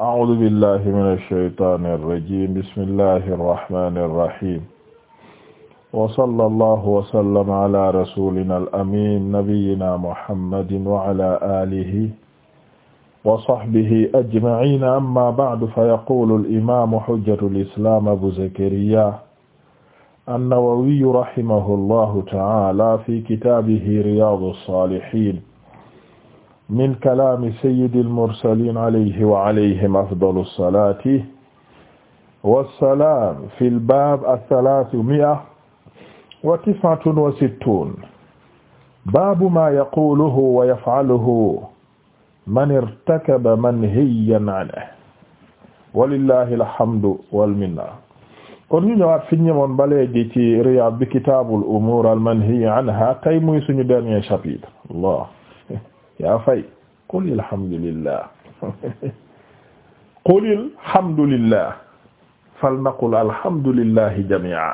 أعوذ بالله من الشيطان الرجيم بسم الله الرحمن الرحيم وصلى الله وسلم على رسولنا الأمين نبينا محمد وعلى آله وصحبه أجمعين أما بعد فيقول الإمام حجة الإسلام أبو زكريا النووي رحمه الله تعالى في كتابه رياض الصالحين min kalaami sayyidil mursaliin alayhi wa alayhim afdalu salaati wa salaam fil baab as-salaasu mi'a wa tis'atun wa sittuun baabu maa yaquluhu wa yaf'aluhu man irtakaba manhiyyan anhu walillahi alhamdu wal minna kon ñu ñëwaat fi ñu ñëwoon ba léegi ci Riyaad bi kitaabul umuur al manhiyyi anhaa tey muy suñu dernier chapitre Allah yaa fay qulil hamdulillah qulil hamdulillah fal naqul alhamdulillahi jami'a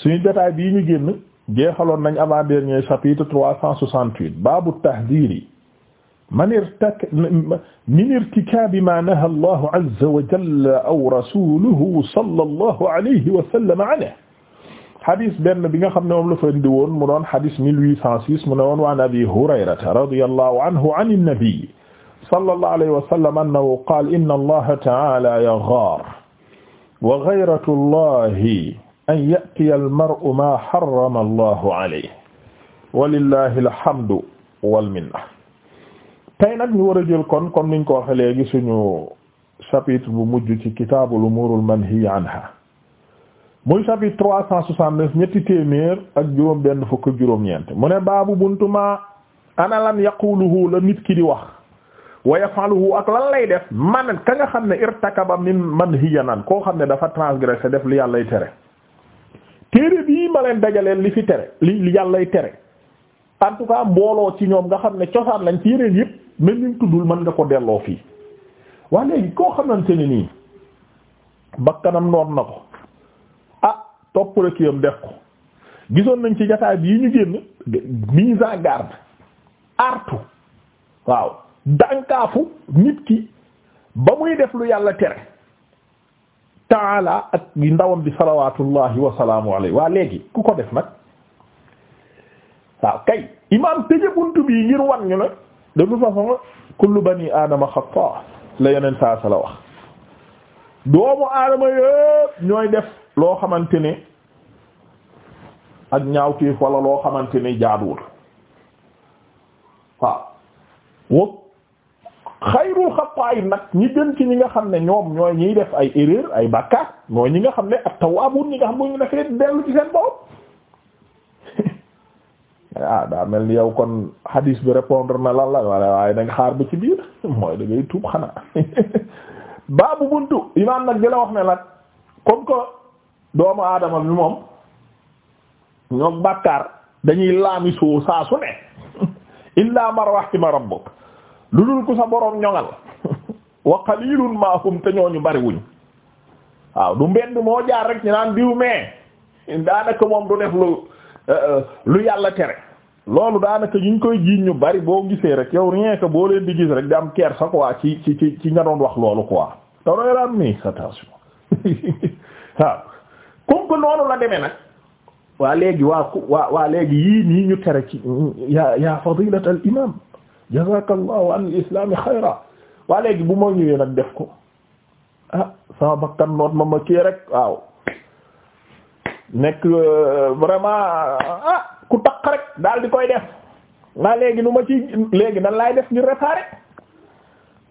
suñu jotaay bii ñu génn jeexaloon nañ avant dernier chapitre trois cent soixante-huit baabu tahdiri man irtak min irtikaabi ma naha allahu azza wa jalla aw rasuluhu sallallahu alayhi wa sallam anhu xadis benn bi nga xam ne moom la fa indi woon mu doon xadis 1806 mu ne woon waan abi hurayrata radiyallahu anhu an innabi sallallahu alayhi wa sallam annahu qaala inna allaha ta'ala yaghaar wa ghayratu allahi an ya'tiya al-mar'u maa harrama allahu alayhi walillahi alhamdu wal minna tey nag ñu war a jël kon comme niñ ko waxe léegi suñu chapitre bu mujj ci kitaabul umuuril manhiyyi anhaa muy chapitre trois cent soixante-neuf ñetti téeméer ak juróom benn fukk juróom-ñeent mu ne baabu buntuma ana lan yaquluhu la nit ki di wax wa yafaluhu ak lan lay def man ka nga xam ne irtakaba min man hiyanan koo xam ne dafa transgressé def li yàllay tere téere bii ma leen dajaleel li fi tere li yàllay tere en tout cas mbooloo ci ñoom nga xam ne cosaan lañ ci yeneen yëpp même ñu tuddul mën nga ko delloo fii wax léegi koo xam xamante ne nii bakkanam noot na ko topp la kiyam def ko gisoon nañ ci jataay bi yi ñu génn mise en garde artu waaw dànkaafu nit ki ba muy def lu yàlla tere taala ak ndawam bi salawatullahi waa léegi ku ko def nag waaw kay imam tëje buntu bi ngir wan ñu ne de toute façon kullu bani aadama xata la yeneen saa sa doomu aadama yëpp ñooy def loo xamante ne ak ñaawteef wala loo xamante ne jaaduwul waaw wa xayrul xataay nag ñi gën ci ñi nga xam ne ñoom ñooy ñiy def ay erreur ay bàkkaat mooy ñi nga xam ne ak tawaabun ñi nga xam bu ñu dellu ci seen borom ah daa mel ni yow kon hadis bi répondre na lan la wala waaye da xaar ba ci biir mooy da tuub xanaa baabu buntu imaam nag di wax ne nag comme que doomu aadama bi moom ñoog bàkkaar dañuy laamisoo saa su ne illaa mar rahima rabbuk lu dul ko sa boroom ñoŋal wa qalilun ma hum ñu ñooñu bariwuñ waaw du mbenn moo jaar rek ñu naan diw mais daanaka moom du def lu euh, lu yàlla tere loolu daanaka ñu koy jiiñ ñu bari boo gisee rek yow rien boo leen di gis rek di am sa quoi ci ci ci ci nga doon wax loolu quoi. te doy naan mais attention waaw. comme que noonu la demee nag waa léegi waa ku waa waa léegi yii nii ñu tere ci ya ya fadilat al imam jazakallahu an al islam xayra waa léegi bu ma ñëwee nag def ko ah sama bakkan noot ma ma kii rek waaw nekk euh, vraiment ah ku taq rek daal di koy def naa léegi nu ma ci léegi nan laay def ñu réparé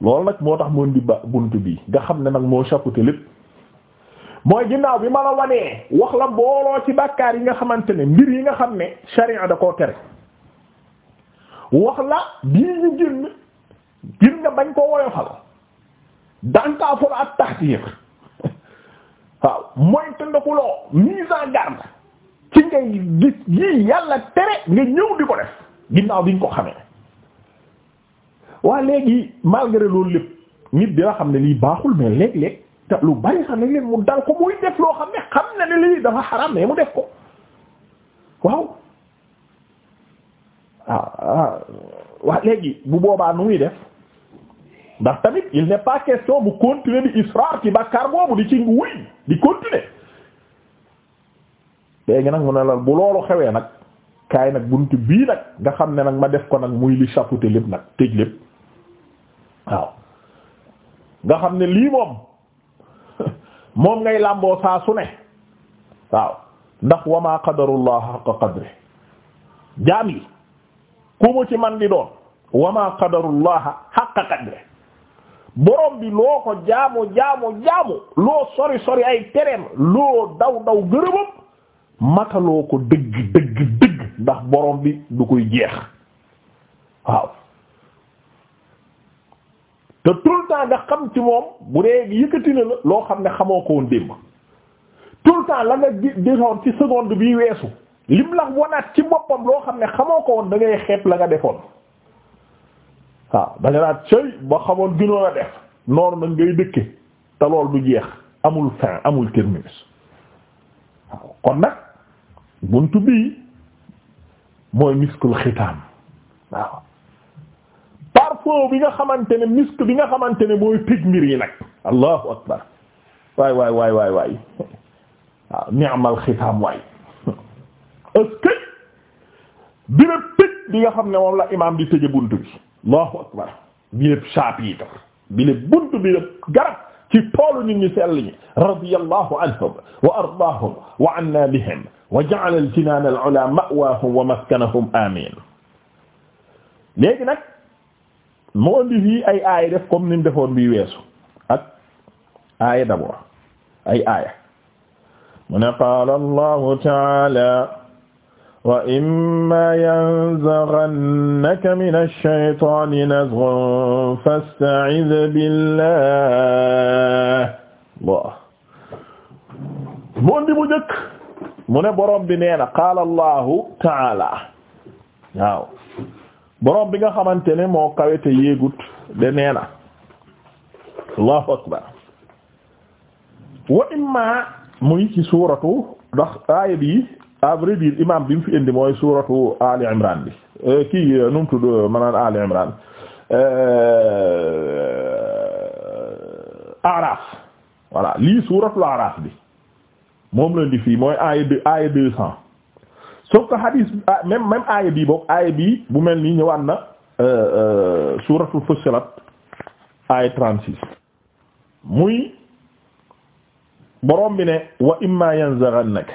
loolu nag moo tax moon di ba bunt bi nga xam ne nag moo chapeauté lépp mooy ginnaaw bi ma la wanee wax la booloo ci bàkkaar yi nga xamante ne mbir yi nga xam ne sharia da koo tere wax la bii ñu génn gin bañ koo woyofal dànkaaful ak tahtir waaw mooy tëndakuloo mise en garde ci ngay gis yii yàlla tere nga ñëw di ko def ginnaaw bi ko xamee waa léegi malgré loolu lépp nit dina xam ne lii baaxul mais léeg-léeg lu bari sax nañ leen mu dal ko muy def loo xam ne xam na ne lii dafa xaram mais mu def ko waaw ah, ah. waa léegi bu boobaa nu muy def ndax tamit il n'est pas question bu continuer di israr ci bàkkaar boobu di ci wuy di continuer léegi nag mu ne la bu loolu xewee nag kaay nag buntu bii nag nga xam ne nag ma def ko nag muy li chapeauté lépp nag tëj lépp waaw nga xam ne lii moom moom ngay làmboo saa su ne waaw ndax wa maa qadarullah haqqa qadri jaam yi ku ci man di doon wa maa qadarullah haqqa qadri borom bi loo ko jaamu jaamu jaamu loo sori sori ay tereem loo daw daw gërëmam mataloo ko dëgg dëgg dëgg ndax borom bi du koy jeex waaw te tout le temps nga xam ci moom bu dee yëkkati na la loo xam ne xamoo ko woon démb tout le temps la nga defoon ci seconde biy weesu lim la wanaat ci boppam loo xam ne xamoo ko woon dangay xeet la nga defoon waaw da nga naat cëy ba xamoon gënoon a def noonu nag ngay dëkke te lool du jeex amul fin amul terminus waaw kon nag buntu bii mooy miskul xitaam waaw parfum bi nga xamante ne misk bi nga xamante ne mooy tëj mbir yi nag allahu akbar waay waay waay waay waay waaw ni'mal xitaam waay est-ce que béréb tëj bi nga xam ne moom la imaam di tëje bunt bi allahu akbar biléb chapitre biléb bunt biléb garab ci toolu nit ñi sell ñi radiyallahu anhum wa ardaahum wa anna bihim wa ja'ala al-jinaan al-'ulaa ma'waahum wa maskanahum amiin léegi nag moo indi fii ay aaya def comme ni mu defoon bii weesu ak aaya d'abord ay aaya mu ne qaala allahu taala wa imma yanzaghannaka minash shaytaani nazghun fasta'idh billah Allah moo indi mu njëkk mu ne borom bi nee na qaala allahu taala waaw boroom bi nga xamante ne moo kawete yéegut de nee na allahu akbar wa imma muy ci suuratu ndax aaya bi à vrai imam bi fi indi mooy suuratu ali imran bi euh, kii euh, nu mu tudd euh, maanaam ali imran araf voilà lii suuratul araf bi moom la indi fii mooy aaya deux cents sauf que hadis ah, même même aaya bii boobu aaya bii bu mel nii ñëwaat na euh, euh, suuratul Fussilat aaya 36 muy borom bi ne wa imma yanzaghannaka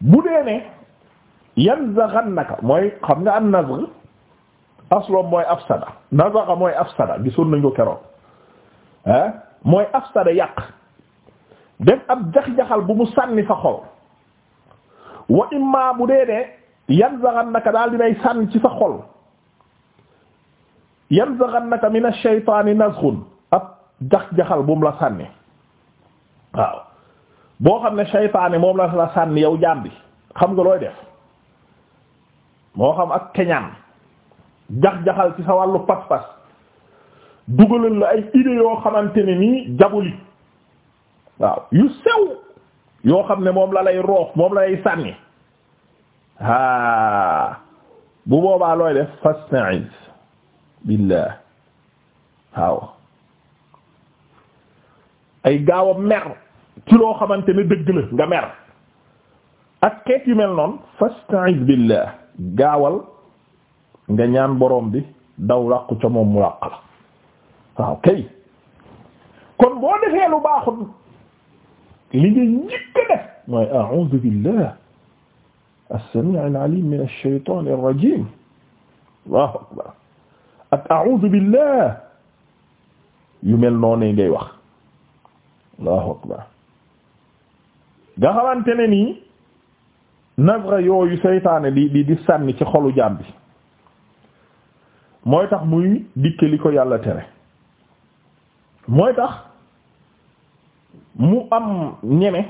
bu dee ne yanzaghannaka mooy xam nga an nazgh aslo mooy afsada nazagha mooy afsada gisoon nañ ko keroog ah mooy afsada yàq def ab jax-jaxal bu mu sànni sa xol wa imma bu dee ne yanzaghannaka daal dinay sànn ci sa xol yanzaghannaka min ash-shaytaani nazghun ab jax-jaxal bu mu la sànni waaw boo xam ne shaytaani moom la la sànni yow jaam bi xam nga looy def moo xam ak keñaan jax-jaxal ci sa wàllu pas-pas dugalal la ay idées yoo xamante ne nii diabolique waaw yu sew yoo xam ne moom la lay roof moom lay sànni haa bu boobaa looy def fasta'iz billah waaw ay gaaw a mer ci loo xamante ne dëgg la nga mer ak xeet yu mel noonu fasta'iz billah gaawal nga ñaan boroom bi daw làqu ca moom mu làq la kon boo defee lu baaxul li nga njëkk a def mooy a'uudu billah as-samii'i min Allahu akbar ak a'uudu billah yu mel noonu ngay wax Allahu akbar nga xamante ne nii navra yooyu seytaane di di di sànni ci xolu jaam bi mooy tax muy dikke li ko yàlla tere mooy tax mu am ñeme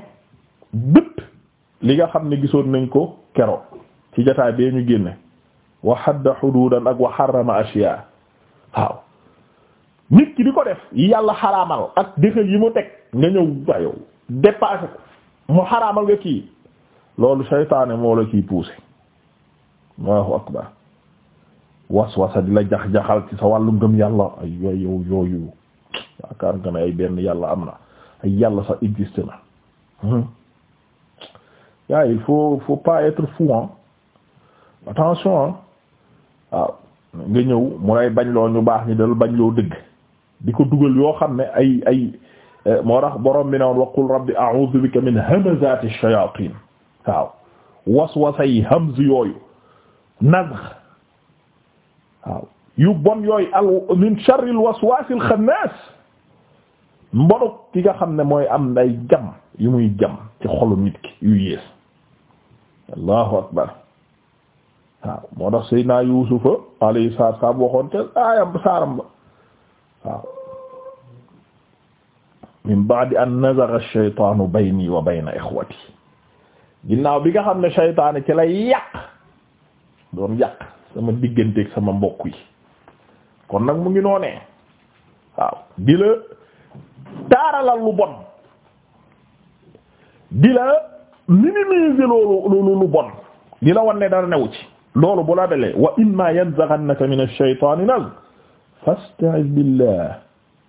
bët li nga xam ne gisoon nañ ko keroo ci jotaay bee ñu génne wa hadda hududan ak wa harrama ashiya waaw nit ki di ko def yi yàlla xaraamal ak défal yi mu teg nga ñëw ba ko mu xaraamal nga kii loolu seytaane moo la ciy poussé allahu akbar waswasa di la jax-jaxal ci sa wàllu ngëm yàlla ay yooyu yooyu yaakaar nga ne ay benn yàlla am na ay yàlla sax existe na hmm. yaa il faut faut pas être fou hein attention hein waaw nga ñëw mu lay bañ loo ñu baax ñi dal bañ loo dëgg di ko dugal yoo xam ne ay ay eh, moo tax borom bi ne woon waqul rabbi a'udhu bika min hamazati shayatin waaw waswasay hamz yooyu nazx waaw yu bon yooyu al min sharri al waswasil xannaas mbonuk ki nga xam ne mooy am nday jam yu muy jam ci xolu nit ki yu yées allahu akbar waaw moo tax Seydina Yuusufa alayhi salaatu salaam waxoon te aayam saaram ba waaw min ba'di an nazagha ash-shaytaanu bayni wa bayna ikhwati ginnaaw bi nga xam ne shaytaani ci lay yàq doon yàq sama digganteeg sama mbokk yi kon nag mu ngi noonee waaw di la taaralal lu bon di la minimiser loolu lu bon di la wan ne dara newu ci loolu bu la dalee wa imma yanzaghannaka min ash-shaytaani nazghun fasta'iz billah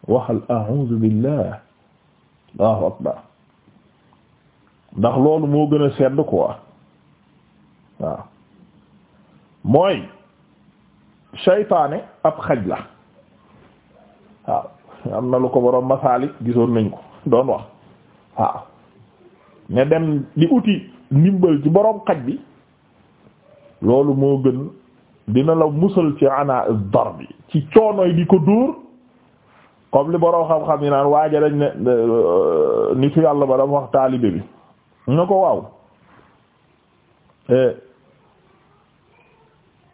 waxal a'uuzu billah allahu akbar ndax loolu moo gën a sedd quoi waaw mooy seytaane ab xaj la waaw am na lu ko borom masaalik gisoon nañ ko doon wax waaw ne dem di uti ndimbal ci borom xaj bi loolu moo gën dina la musal ci ana dar bi ci coonoy di ko dóor kom li borom xam-xam yi naan waaja dañ ne euh, nitu yàlla ba dama wax taalibe bi nga ko waaw eh,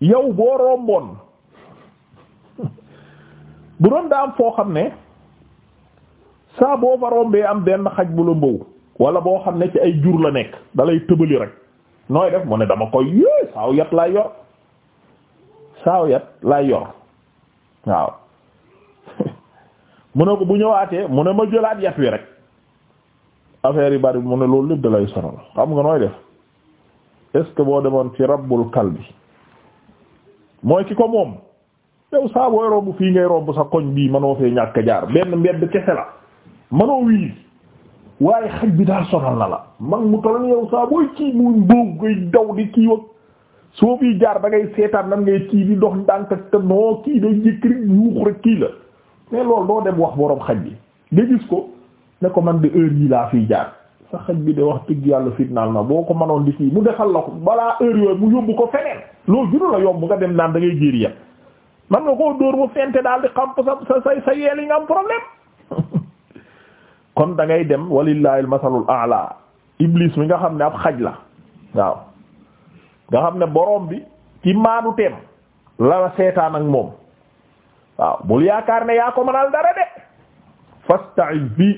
yow boo romboon bu doon daa am foo xam ne saa boo fa rombee am benn xaj bu la mbow wala boo xam ne ci ay jur la nekk dalay tëbali rek nooy def mu ne dama koy yée saaw yat lay yor saaw yat lay yor waaw mu ne ko bu ñëwaatee mu ne ma jëlaat yat wi rek affaire yi bari mu ne loolu lépp dalay sonal xam nga nooy def est-ce que boo demoon ci rabbul kalbi mooy ki ko moom yow saa booy romb fii ngay romb sa koñ bii manoo fee ñàkk jaar benn mbedd kese la manoo wii waaye xaj bi daa sonal na la mag mu toll yow saa booy kii muñ boobu ngay daw di kii wag soo fii jaar da ngay seetaan nan ngay kii di dox ndànk te kii day jëkk kii la mais dem wax borom xaj bi nga gis ko ne ko man de heure yii laa fiy jaar sa xaj bi de wax dëgg yàlla fitnaal na boo ko manoon di kii mu defal la ko balaa heure yooyu mu yóbbu ko feneen loolu gënu la yomb nga dem naan da ngay jéeri yam man nga koo dóor mu fente daal di xamp sa sa sa sa problème kon da dem walillahi almasalul a'la ibliis bi nga xam ne ab xaj la waaw nga xam ne boroom bi ci maanu teem la seetaan ak moom waaw bul yaakaar ne yaa ko mënal dara de fasta'iz bi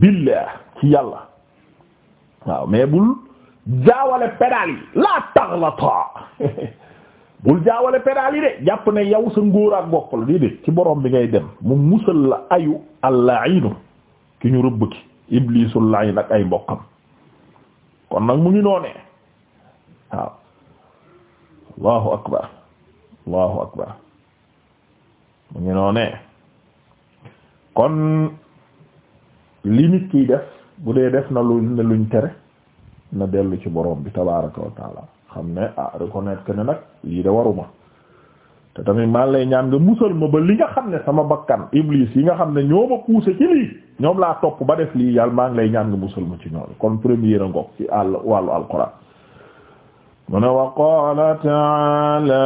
billah ci yàlla waaw mais bul jaawale pédale yi la taxlata bul jaawale pédale yi de jàpp ne yow sa ngóor ak bopp la de ci borom bi ngay dem mu musal la ayu allainu ki ñu rëbb ki iblisul layin ak ay mbokkam kon nag mu ngi noonee waaw allahu akbar allahu akbar mu ngi noonee kon li kiy def bu dee def na lu ne luñ tere na dellu ci borom bi tabaraka wa xam ne ah reconnaître que ne nag yii de waruma te tamit maa lay ñaan nga musal ma ba li nga xam ne sama bakkan iblis yi nga xam ne ñoo ma poussé ci lii ñoom laa topp ba def lii yàlla maa ngi lay ñaan nga musal ma ci ñoom kon première ngok ci àll wàllu alquran mu ne wa qaala taala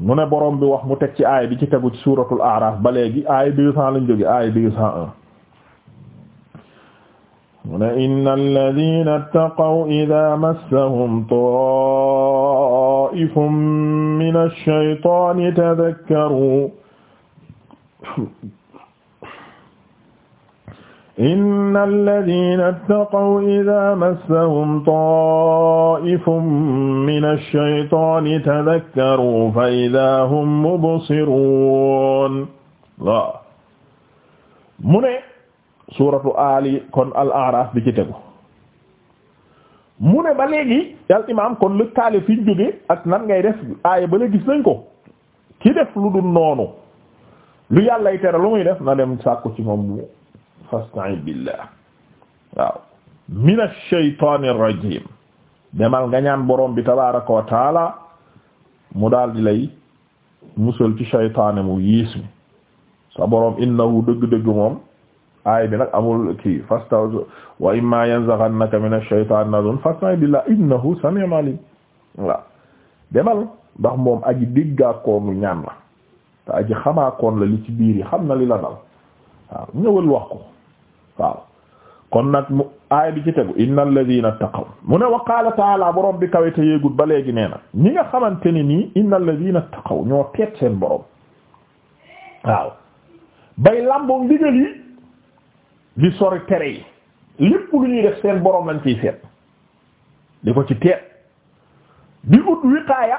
mu ne borom bi wax mu teg ci aay bi ci tegu ci suuratul aaraaf ba léegi aay deux cent lañ jóge aay deux cent un mu ne inna alladina ittaqaw ida massahum taifum min alshaytani tadakkaru inna alladina ittaqaw ida massahum taifum min alshaytani tadakkaru fa ida hum mubsirun la mu ne suuratu ali kon al araf bi tegu mu ne ba léegi al imaam kon lëkkaale fi ñu jóge ak nan ngay def aaya ba gis nañ ko ki def lu dul noonu lu yàllay tere lu muy def na dem sàkku ci moom mu fasta'in billah waaw min ash-shaytaan rajiim demal nga ñaan borom bi tabaaraka wa taala mu daal di lay musal ci shaytaane mu yiis mi sa borom innahu dëgg-dëgg moom aay bi nag amul kii fastaw wa imma a minash shaytaan nazun fasta'id billah innahu sami'un alim voilà demal ndax moom aji déggaakoonu ñaan la te aji xamaakoon la li ci biir yi xam na li la dal waaw ñëwal wax ko kon nag mu aay bi ci tegu innal ladina taqaw mu ne wa taala borom bi kawe te yéegul ba léegi nee ñi nga xamante ne nii innal ladina taqaw ñoo teet seen borom bay làmboo ndigal di sori tere yi lépp lu ñuy def seen borom lañ ciy seet di ko ci teet di ut wiqaaya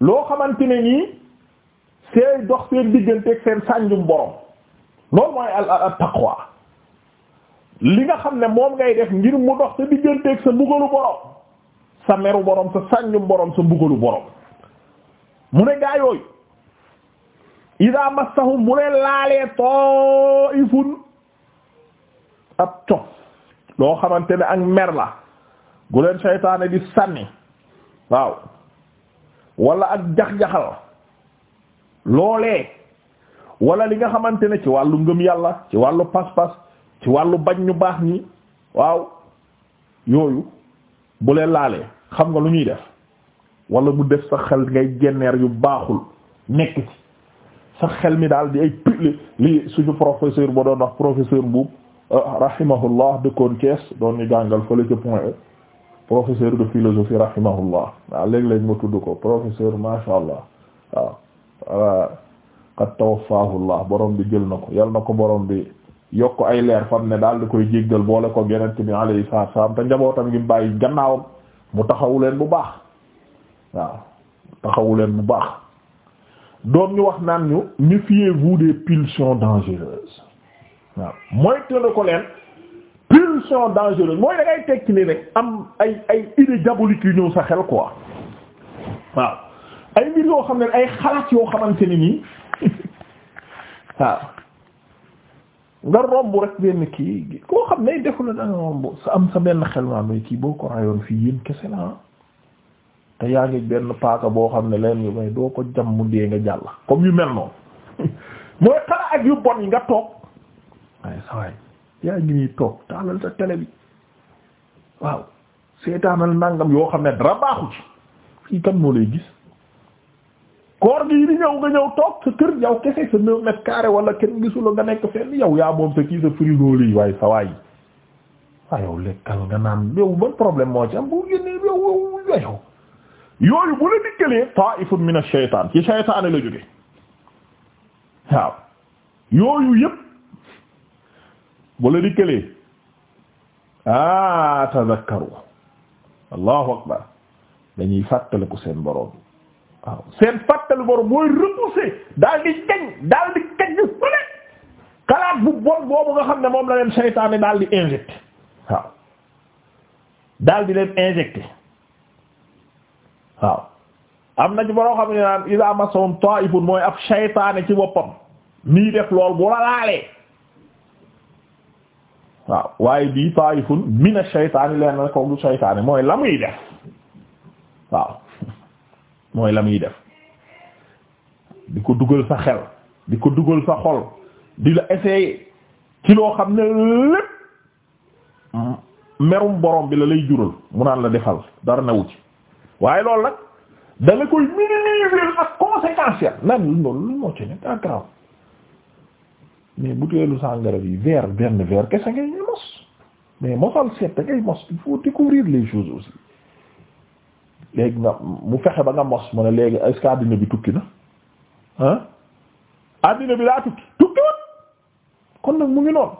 loo xamante ne nii seey dox seen digganteeg seen sànjum borom loolu mooy al al taqwa li nga xam ne moom ngay def ngir mu dox sa digganteeg sa mbugalu borom sa meru borom sa sànjum borom sa mbugalu borom mu ne gaa yooyu ida mu ne laalee taifun ab cox loo xamante ne ak mer la gu leen seytaane di sànni waaw wala ak jax-jaxal loolee wala li nga xamante ne ci wàllu ngëm yàlla ci wàllu pas-pas ci wàllu bañ ñu baax nii waaw yooyu bu leen laalee xam nga lu ñuy def wala mu def sa xel ngay génneer yu baaxul nekk ci sa xel mi daal di ay pili li suñu professeur ba doon wax professeur Mbuub Ah, rahimahullah dëkkoon Thiès doon ñu jàngal fële ca Point E professeur de philosophie rahimahullah waaw ah, léeg-léeg ma tudd ko professeur masha allah waaw ah, qad tawaffahullah borom bi jël na ko yal na ko boroom bi yokk ay leer fam ne daal di koy jéggal boole ko yonent bi alayhi salaam te njabootam gi bàyyi gannaawam mu taxawu leen bu baax waaw taxawu leen bu baax doon ñu wax naan ñu méfiez-vous des pulsions dangereuses waaw mooy tëna ko leen pulsion dangereuse mooy da ngay rek am ay ay idée diabolique yu ñëw sa xel quoi waaw ay mbir yoo xam ne ay xalaat yoo xamante ni nii waaw nga romb rek benn kii koo xam ne defu la danga romb sa am sa benn xel maa mooy kii boo ko rayoon fii yéen kese la te yaa ngi benn paaka boo xam ne leen yu may doo ko jam mu dee nga jàll comme yu mel noonu mooy xalaat ak yu bon yi nga toog waaye sawaay yaa ngi nii toog taalal sa télé bi waaw seetaanal nangam yoo xam ne dara baaxu ci fii kan moo lay gis koor gi di ñëw nga ñëw toog sa kër yaw kese sa neuf mètres carrés wala kenn gisula nga nekk fenn yow yaa moom sa kii sa frigo waaye sawaay waaye yow lekkal nga naan yow ban problème moo ci am bu génnee yow yooyu bu la dikkalee ta'ifun min ash-shaytaan ci shaytaan la jóge waaw yooyu yëpp bu la dikkalee ah tazakkaru allahu akbar dañuy fàttaliku seen boroom waaw seen fàttali boroom mooy repousser daal di kañ daal di kañ fële xalaat bu bon boobu nga xam ne moom la leen seytaane daal di injecté waaw daal di leen injecté waaw am na ci boo xam ne naan iza masahum ta'ifun mooy ab seytaane ci boppam nii def lool bu la waaw waaye bii taifun mina shaytaani leen na ko du shaytaani mooy la muy def waaw mooy la muy def di ko dugal sa xel di ko dugal sa xol di la essayer ci loo xam ne lépp merum borom bi la lay jural mu naan la defal dara newu ci waaye loolu nag da la koy minimiser ak conséquence ya lu lu moo ci ne daa grave mais butéelu sàngara bi verre benn verre kese ngay mos mais mosal seet da ngay mos il faut découvrir les choses aussi léegi nga mu fexe ba nga mos mu ne léegi est-ce que bi tukki na ah àddina bi daa tukki tukki woon kon nag mu ngi noonu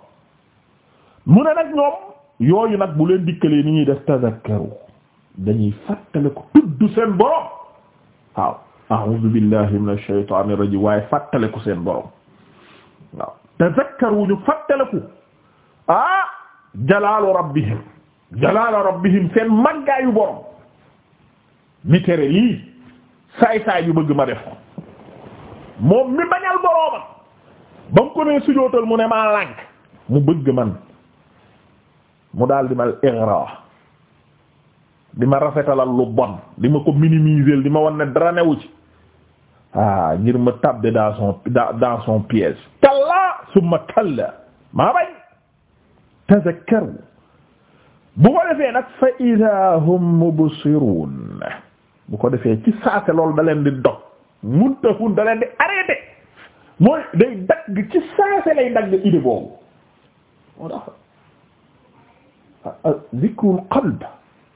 mu ne nag ñoom yooyu nag bu leen dikkalee ni ñuy def tazakkaru dañuy fàttale ko tudd seen borom waaw a'udhu billahi minash shaitanir rajim waaye fàttale ko seen borom waaw tazakkaru ñu fàttaliku ah jalaalu rabbihim jalaalu rabbihim seen màggaayu borom mi tere lii saay saay yu bëgg ma def ko moom mi bañal boroomam ba mu ko nee sujootal mu ne maa lànk mu bëgg man mu daal di ma igra di ma rafetalal lu bon di ma ko minimiser di ma wan ne dara newu ci ah ngir ma tabde dans son piège summa kalla maa bay tazakkaru bu ko defee nag fa idaa hum mubsiruun bu ko defee ci saase loolu da leen di dog muntahun da leen di arrêté mooy day dagg ci saase lay dagg idée boobu moo tax zikrul qalb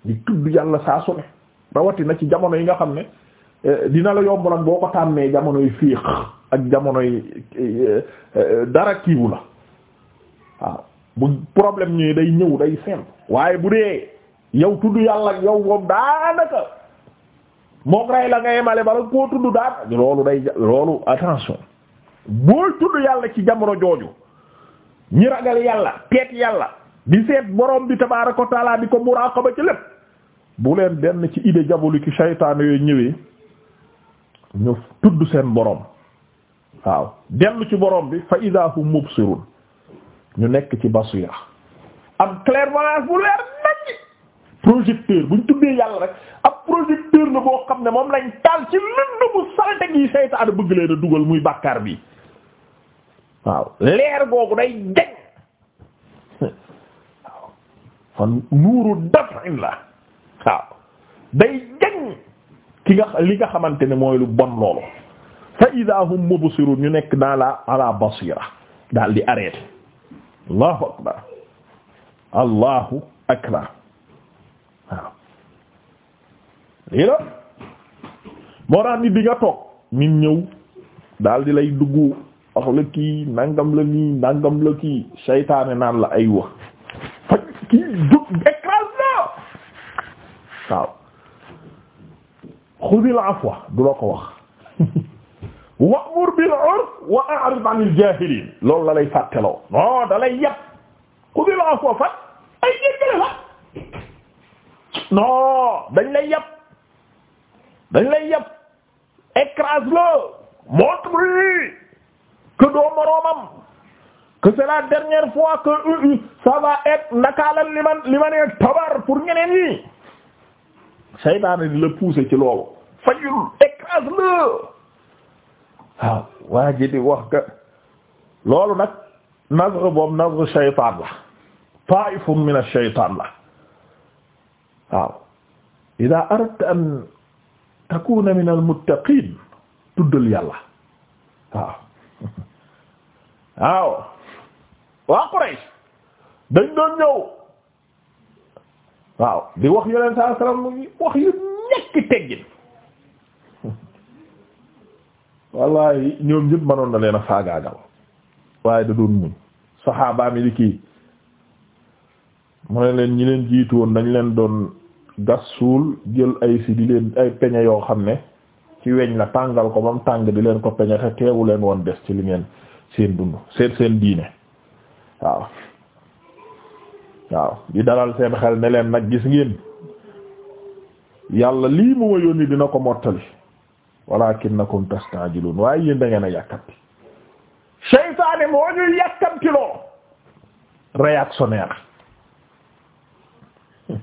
di tudd yàlla saa su ne rawatina ci jamono yi nga xam ne dina la yomb nag boo ko tàmmee jamonoy fiix ak jamonoy eh, eh, dara kiiwu la waaw bu problème ñëwee day ñëw day simple waaye bu dee yow tudd yàlla yow moom daanaka mook rey la nga yemale bala koo tudd daan loolu day loolu attention booy tudd yàlla ci jamono jooju ñi ragal yàlla teet yàlla di seet borom bi tabaaraka wa taala di ko muraaqaba ci lépp bu leen denn ci idée diabolique saytaan yooyu ñëwee ñu tudd seen boroom waaw dellu ci boroom bi fa idaa hum mubsirun ñu nekk ci basira am clairvoyance bu leer nañ projecteur buñ tuddee yàlla rek ab projecteur la boo xam ne moom lañ taal ci lënd bu salte gi seytaane bëgg leen dugal muy bàkkaar bi waaw leer googu day deñ fan nuuru daf'in la waaw day ki nga li nga xamante ne mooy lu bon loolu fa idaa hum ñu nekk dans la ala basira daal di arrêté allahu akbar allahu akbar waaw lii la moo tax nit ñëw daal di lay dugg wax la kii nangam la nii nangam la kii seytaane naan la ay wax kii dugg xudil afwa du la ko wax wa'mur bil urf wa a'rid 'anil jaahiliin loolu la lay fàtteloo non da lay yàq xudil afwa fat ay jéggale la non dañ lay yàpp dañ lay yàpp écrase le montre-lui que doo moroomam que la dernière fois que euh, euh, ça va être nakaalan li man li ma nee tabar di la pousser ci loolu fajul écrase la ah, waaw waa ji di wax ka loolu nag nazr boobu nazr shaytaan la taa'ifun min ash-shaytaan la waaw idaa aradta an takuuna min al-muttaqiin tuddal yàlla waaw waaw waa Quraysh dañ doon ñëw waaw di wax yeneen saa salaam mu ngi wax yu ñekk teggin wallahi ñoom ñëpp manoon na leen a faagaagal waaye da doon muñ saxaabaam yi di kii mu ne leen ñi leen jiitu woon dañ leen doon gas suul jël ay si di leen ay peñe yoo xam ne ci weñ la tàngal ko ba mu tàng di leen ko peñe te teewu leen woon des ci li ngeen seen dund seen seen diine waaw waaw di dalal seen xel ne leen nag gis ngeen yàlla lii mu ma yónni dina ko mottali walaakinnakum tasta'jiluun waaye yéen da ngeen a yàkkamti seytaane moo ñuy yàkkamti loo réactionnaire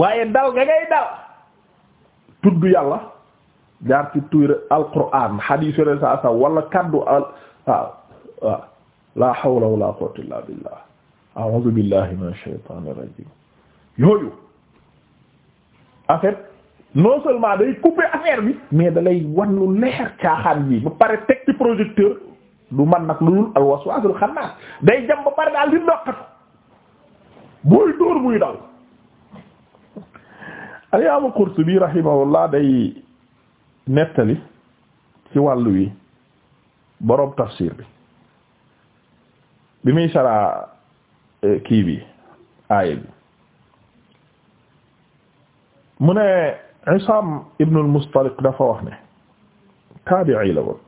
waaye dal nga ngay dal tudd yàlla jaar ci tuur alquran hadith yore saa saa wala kaddu al waaw waaw la hawla wala quwwata illa billah a'udhu billahi minash shaytanir rajim yooyu en fait non seulement day couper affaire bi mais dalay wan lu leer caaxaan yi ba pare teg ci projecteur du man nag lu dul al waswasul xannaas day jam ba pare daal di noqatu buy dóor buy daw al imaam Qurtubi rahimahullah day nettali ci wàllu wi boroom tafsir bi bi muy sara eh, kii bi aaya bi mu ne Isaam ibn al-Mustariq dafa wax ne taabi'i la woon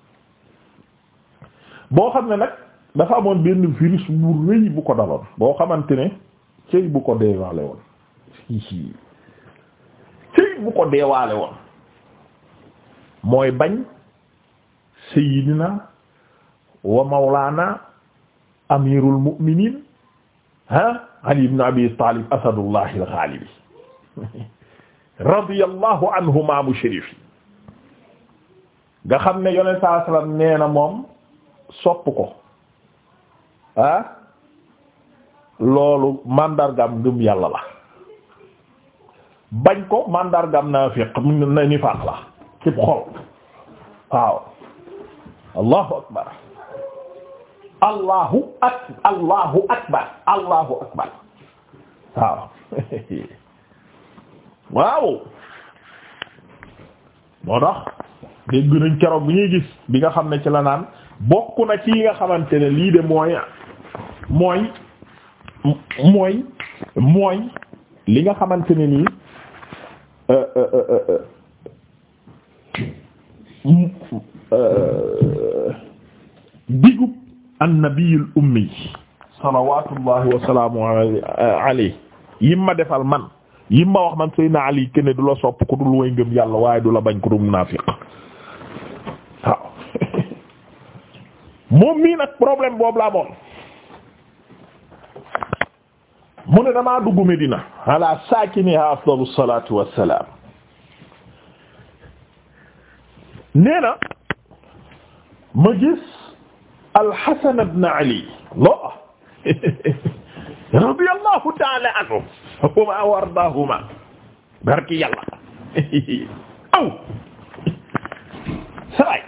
boo xam ne nag dafa amoon benn virus bu rëy bu ko daloon boo xamante ne cëy bu ko deewaale woon cëy bu ko deewaale woon mooy bañ sayyidina wa mawlaana amirul mu'minin ha Ali ibn Abi Talib asadullahi al-ghalib radiyallahu anhuma bu shérif yi nga xam ne yonent saa sallam nee na moom sopp ko ah loolu mandargam ngëm yàlla la bañ ko mandargam naafiq na nifaaq la cib xol waaw allahu akbar allahu ak allahu akbar allahu akbar waaw waaw moo tax dégg nañ keroog bi ñuy gis bi nga xam ne ci la naan bokk na ci nga xamante ne lii de mooy mooy mooy mooy li nga xamante ne nii euh, euh, euh, digub annabiyul ummi salawatullahi wasalaamu alayhi yi ma defal man yim ma wax man Seydina Ali kenn du la sopp ku dul way ngëm yàlla waaye du la bañ ku dul munaafiq waaw moom mii nag problème boobu laa moom mu ne damaa dugg Medina ala saakiniha afdalu salaatu wassalaam nee na ma gis al-Hasan ibn Ali lo radiyallahu ta'ala anhu huma wardahuma barki yàlla aw saray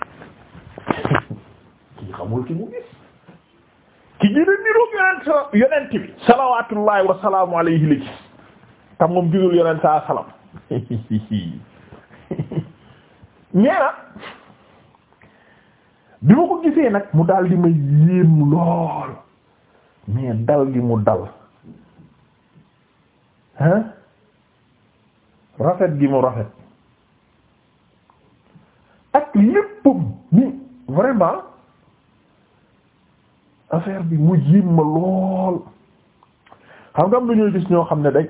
kii xamul ki mu gis ki gën a niroog yonent yonent bi salawatullahi wa alayhi la gis tam moom gisul yonent saa salam neena bi ma ko gisee nag mu daal di ma yéem lool mais dal gi mu dal hein rafet gi mu rafet ak léppam ni vraiment affaire bi mu jiim ma lool xam nga am lu ñuy gis ñoo xam ne dañ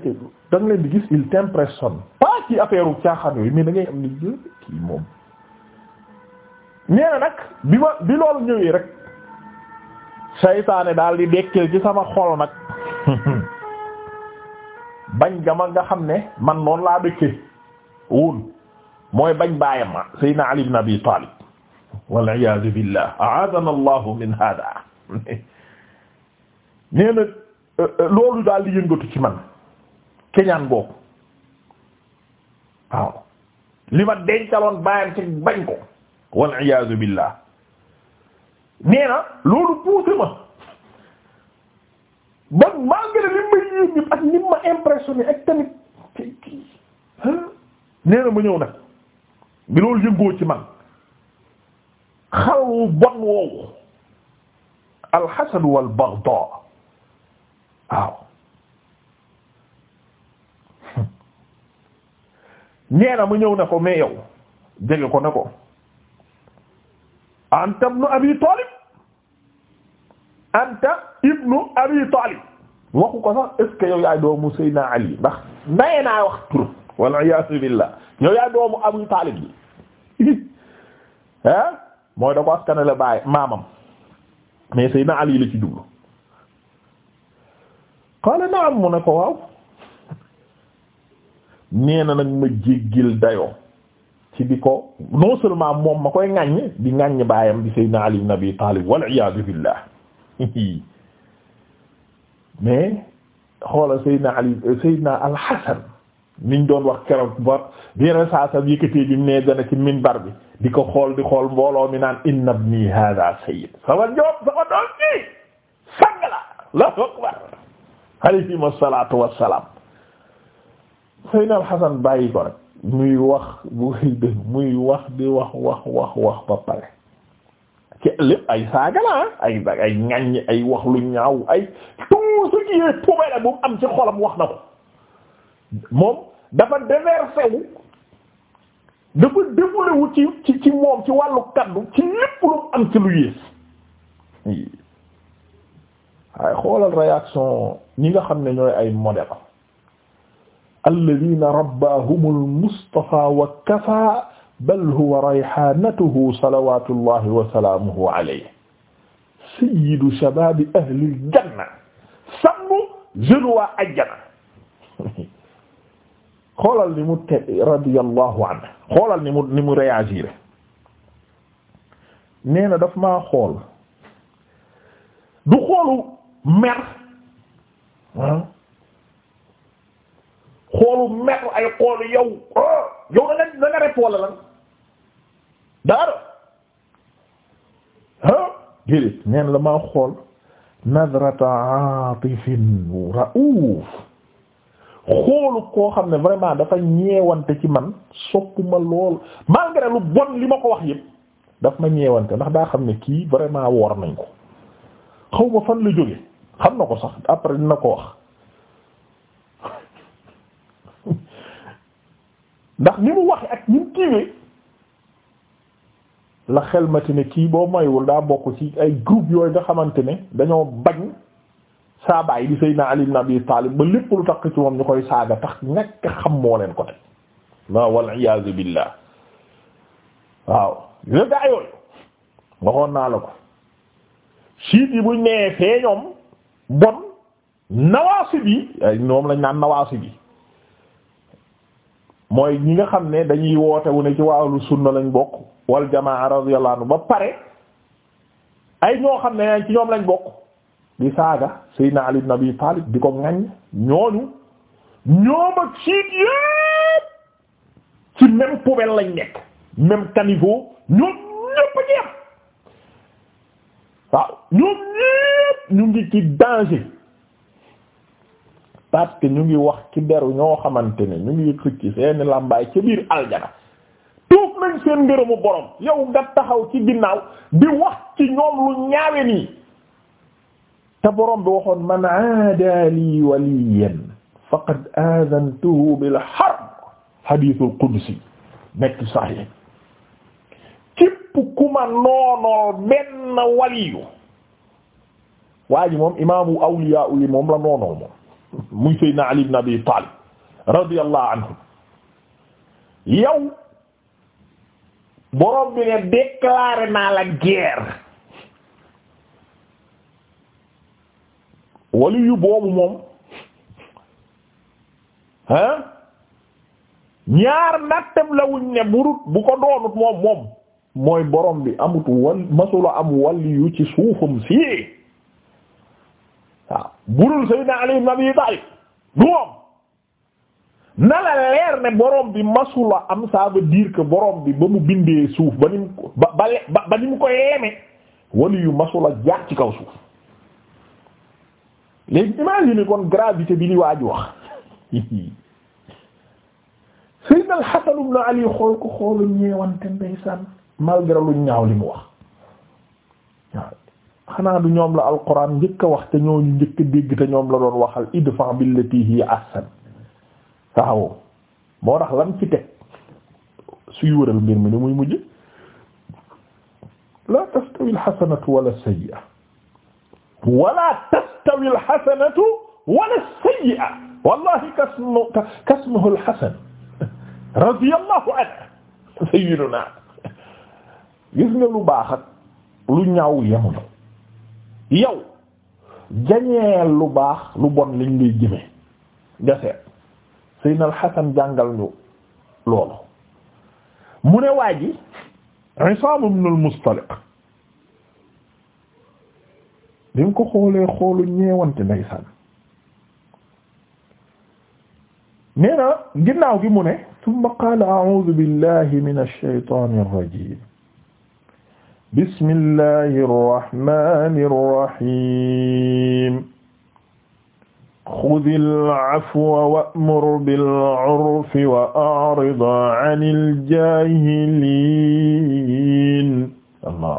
da leen di gis il t'impressionne pas ci affaire u caaxaan yooyu mais da ngay am ni jë kii moom nee nag bi ma bi loolu ñëwee rek saytaane daal di dekkil ci sama xol nag bañ gama nga xam ne man noonu laa dëkke woon mooy bañ baayam ma saydna ali ibn abi talib wal iyaadu billah aadana allahu min hada nee euh, loolu daal di yëngatu ci man keñaan googu waaw li ma dencaloon baayam ci bañ ko wal iyaadu billah nee na loolu puuse ma ba malgré li ma yéeg ñi ak ni ma impressionné ak tamit nee ma ñëw nag bi loolu yëngoo ci man xalu bon woowu alxasad wal bagdaa waaw nee na mu ñëw ne ko mais yow jege ko ne ko antam abi talib anta ibnu abi talib waxu ko sax est ce yaay doomu Seydina Ali ndax naye naa wax tur wal iyaazu billah yow yaay doomu Abu bi mooy da ko askanale baay maamam mais Seydina Ali la ci jublu qaala naam mu ne ko waaw nee na nag ma jéggil dayoo ci di ko non seulement moom ma koy ŋàññ di ŋàññ baayam di Seydina Ali ibn Abi Talib wal iyaazu billah mais xoola Seydina Ali Seydina Al-Hasan niñ doon wax keroog ba yeneen saa sa yëkkatee bi mu nee dana ci bi di ko xool di xool mbooloo mi naan inna ibni hada sayyid sama njoom sama doom bi sang la Allahu akbar alayhi salaatu wassalaam Al-Hasan bàyyi ko muy wax bu muy wax di wax wax wax ba pare ci lépp ay saaga la ay ay ŋaññi ay wax lu ñaaw ay tout ce qui est poubelle bu mu am ci xolam wax na ko moom dafa déversé wu dafa développé wu ci ci ci moom ci wàllu kaddu ci lépp lu mu am ci lu yées waaye xoolal réaction ñi nga xam ne ñooy ay modèle alladina rabbahumul mustafa wa kafa bal huwa rayhaanatuhu salawaatullahi wa salaamuhu alayhi sayyidu shabaabi ahlil janna sangu jeune waa ajjana xoolal ni mu te radiyallahu anhu xoolal ni mu ni mu réagir nee na daf maa xool du xoolu mer ah xoolu mer ay xoolu yow oh, yow da nga da nga rep wala lan daara ah déedéet neen la maa xool nadrata atifin rauf xoolu koo xam ne vraiment dafa ñeewante ci man soppuma lool malgré lu bon li ma ko wax yëpp daf ma ñeewante ndax daa xam ne kii vraiment woor nañ ko xaw ma fan la jóge xam na ko sax après na ko wax ndax ni mu waxe ak ni kiiwee la xel mati ne kii boo moywul daa bokk ci ay groupe yooyu nga xamante ne dañoo bañ saa baay di Seydina Ali ibn Abi Talib ba lépp lu ci moom ñu koy saaga tax ñàkk xam moo leen ko teg waaw wal iyaazu billah waaw yooyu gaa yooyu naa la ko siit yi buñ nee fee ñoom bon nawaasib bi ay ñoom lañ naan nawaasib yi mooy ñi nga xam ne dañuy woote wu ne ci wàllu sunna lañ bokk wal jamaa radiyallahu anhu ba pare ay ñoo xam ne ci ñoom lañ bokk di saaga sayyidina Ali ibn Abi Talib di ko ŋaññ ñooñu ñoom ak siit yépp ci même poubelle lañ nekk même caniveau ñoom ñépp ñépp waaw ñoom ñépp ñu ngi ci danger parce ñu ngi wax ci deru ñoo xamante ne ñu ngi xëcc seeni làmbaay ca biir aljana tuub nañ seen ngërëmu borom yow nga taxaw ci ginnaaw di wax ci ñoom lu ñaawe nii te borom bi waxoon man aada lii waliyan faqad aadantuhu bil harb hadithul qudsi nekk sahih képp ku ma noonool waliyu waa ji moom imaamu awliyaa yi moom la noonool moom muy Seydina Ali ibn Abi Talib radiyallahu anhu yow borom bi ne déclaré naa la guerre wali boobu moom ah ñaar nattab la wuñ ne burut bu ko doonut moom moom mooy borom bi amut wal masula am wali yu ci suufam si burul Seydina Ali ibn Abi Talib du moom na la leer ne borom bi masula am ça diir ko boroom bi ba mu bindee suuf ba ni mu ba ba ba ni mu ko yeme wali yu masula jaar ci kaw suuf léegi imagine kon gravité bi li waaju wax Seydina al-Hasan ibn Ali xool ko xoolu ñeewante ndeysaan malgré lu ñaaw li mu wax xanaa du ñoom la alquran njëkk a wax te ñooñu njëkk a dégg te ñoom la doon waxal idfa billati hiya ahsan waaw moo tax lam ci teg suy wëral mbir mi ni muy mujj la tastawi alxasanatu wala sayyi'a wala tastawi alxasanatu wala sayyi'a wallahi kasmu kasmuhu alxasan radiyallahu anhu sayyiduna gis nga lu baax ak lu ñaaw yemuñu yow jañeel lu baax lu bon liñ luy jëme nga seet Seydina Alxasan jàngal ñu loolu mu ne waa ji Isaam ibn al-Mustaliq bi mu ko xoolee xoolu ñeewante ndeysaan nee na ginnaaw gi mu ne summa qaala a'uudu billahi min ash-shaytaani ar-rajiim bismillahi irrahmani irrahim xudi alafwa wamur bilurfi wa arid an iljahilin allah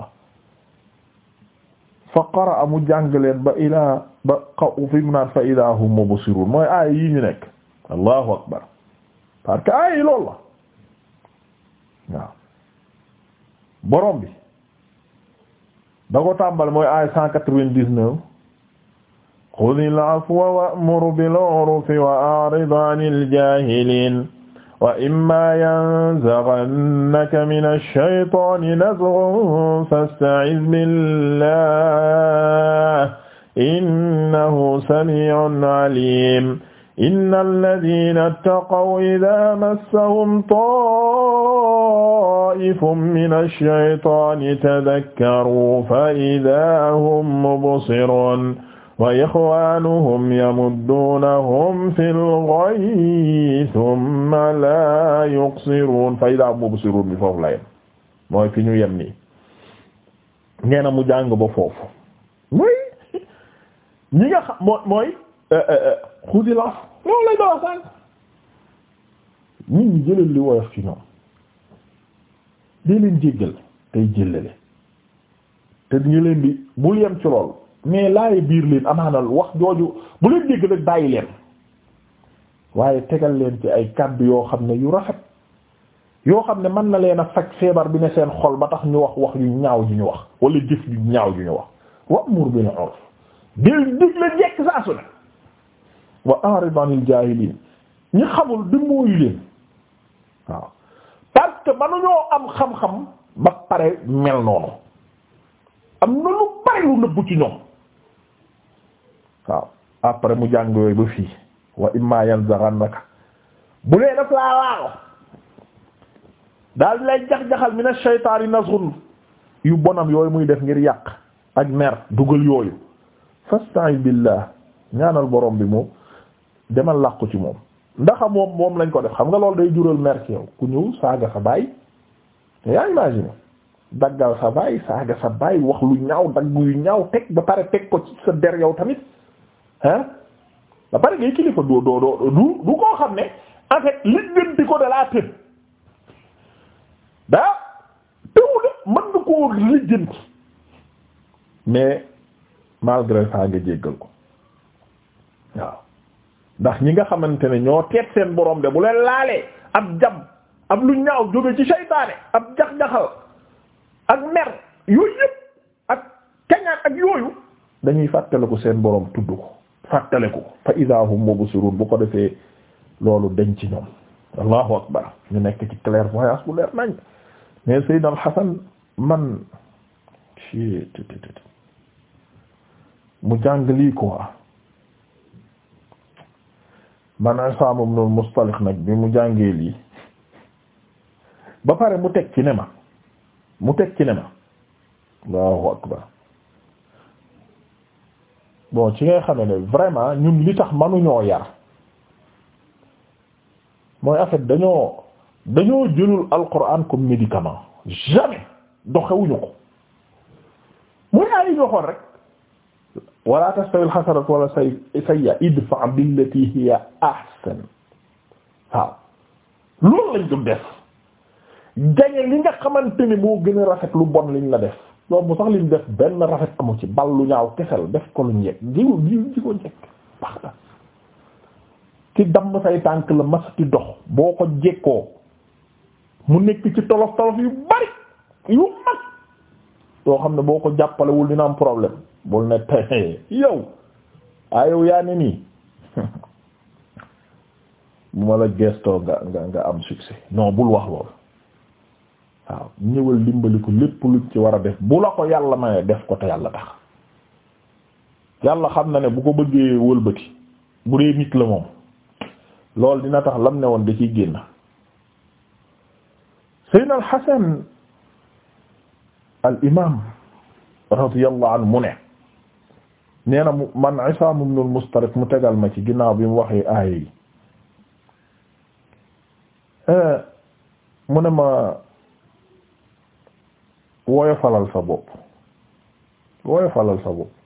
fa qaraa mu jàngleen ba ilaa ba xaw fi mu naan fa ida hum mubsirun mooy aaya yi ñu nekk allahu akbar parce que aaya yi loolu la waaw borom bi da ko tàmbal mooy aaya cent quatre-vingt-dix-neuf xudil afwa wa'mur bil urfi wa a'rid 'anil jaahiliin wa immaa yanzaghannaka minash shaytaani nazghun fasta'iz billaah innahu samii'un 'aliim inna alladina ttaqaw ida massahum taifum min alshaytani tadakkaru fa ida hum mubsirun wa ixwanuhum yamudduunahum fi lgayyi summa la yuqsiruun fa ida hum mubsiruun bi foofu la yem mooy fi ñu yem nii nee na mu jàng ba foofu mooy ñi nga xam mooy xudilaf loolu lañ doon wax sànq nit ñi jëlal li woyof ci ñoom day leen jéggal tey jëlale te ñu leen di bul yem ci lool mais laay biir leen amaanal wax jooju bu leen jéggal rek bàyyi leen waaye tegal leen ci ay kàddu yoo xam ne yu rafet yoo xam ne mën na leen a faj feebar bi ne seen xol ba tax ñu wax wax yu ñaaw ju ñu wax wala jëf yu ñaaw ju ñu wax wa'mur bil saa su ne wa a'rid 'anil jaahiliin ñi xamul dimbali leen waaw parce que mënuñoo am xam-xam ba pare mel noonu am na lu pare lu nëbbu ci ñoom waaw après mu jàng yooyu ba fii wa imma yanzaghannaka bu dee daf laa laago daal lay jax-jaxal min ash-shaytaani nazghun yu bonam yooyu muy def ngir yàq ak mer dugal yooyu fasta'in billah ñaanal borom bi moom demal làqu ci moom ndax moom moom lañ ko def xam nga loolu day jural merci yow ku ñëw saaga sa baay te yaa imagine daggal sa baay saaga sa baay wax lu ñaaw dagg yu ñaaw teg ba pare teg ko ci sa der yow tamit ah ba pare ngay kilifa doo doo doo du du koo xam ne en fait liggéenti ko de laa tën daa tëw de mën nga koo liggéenti mais malgré ça nga jéggal ko waaw ndax ñi nga xamante ne ñoo teet seen borom de bu leen laalee ab jam ab lu ñaaw jóge ci seytaane ab jax-jaxal ak mer yooyu yëpp ak kañaan ak yooyu dañuy fàttaliku seen borom tudd ko fàttaliku fa iza hum mubsirun bu ko defee loolu dañ ci ñoom allahu akbar ñu nekk ci clairvoyance bu leer nañ mais sayyidna al man mu jàng lii quoi man Isaam ibn al-Mustaliq nag bi mu jàngee lii ba pare mu teg ci ne ma mu teg ci ne ma Allahu bon ci ngay xam ne vraiment ñun li tax manuñoo yar mooy en dañoo dañoo jëlul alquran comme médicament jamais doxewuñu ko mooy ay doxoon rek wala tastawi alxasanatu wala sayyi'a idfa' billati hiya ahsan waaw loolu lañ doon def gañe li nga xamante ni moo gën a rafet lu bon liñ la def loolu bu sax liñ def benn rafet amu ci bal lu ñaaw kesel def ko lu njekk jiw jiw ji ko njekk say tànk la mas ci dox boo ko jekkoo mu nekk ci tolof tolof yu bari yu mag yoo xam ne boo ko jàppalewul dina am problème bul ne tey yow ah yow yaa ne nii bu ma la gestoo nga nga nga am succès non bul wax lool waaw ñëwal dimbali lépp lu ci war a def bu la ko yàlla mayee def ko te yàlla tax yàlla xam na ne bu ko bëggee wëlbati bu dee nit la moom loolu dina tax lam ne woon da ciy génn Seydina al Hasan al imam radiyallahu mu ne nee na mu man Isaam ibn al-Mustarif mu tegal ma ci ginnaaw bi mu waxee aaya eh, mu ne ma woyofalal sa bopp woyofalal sa bopp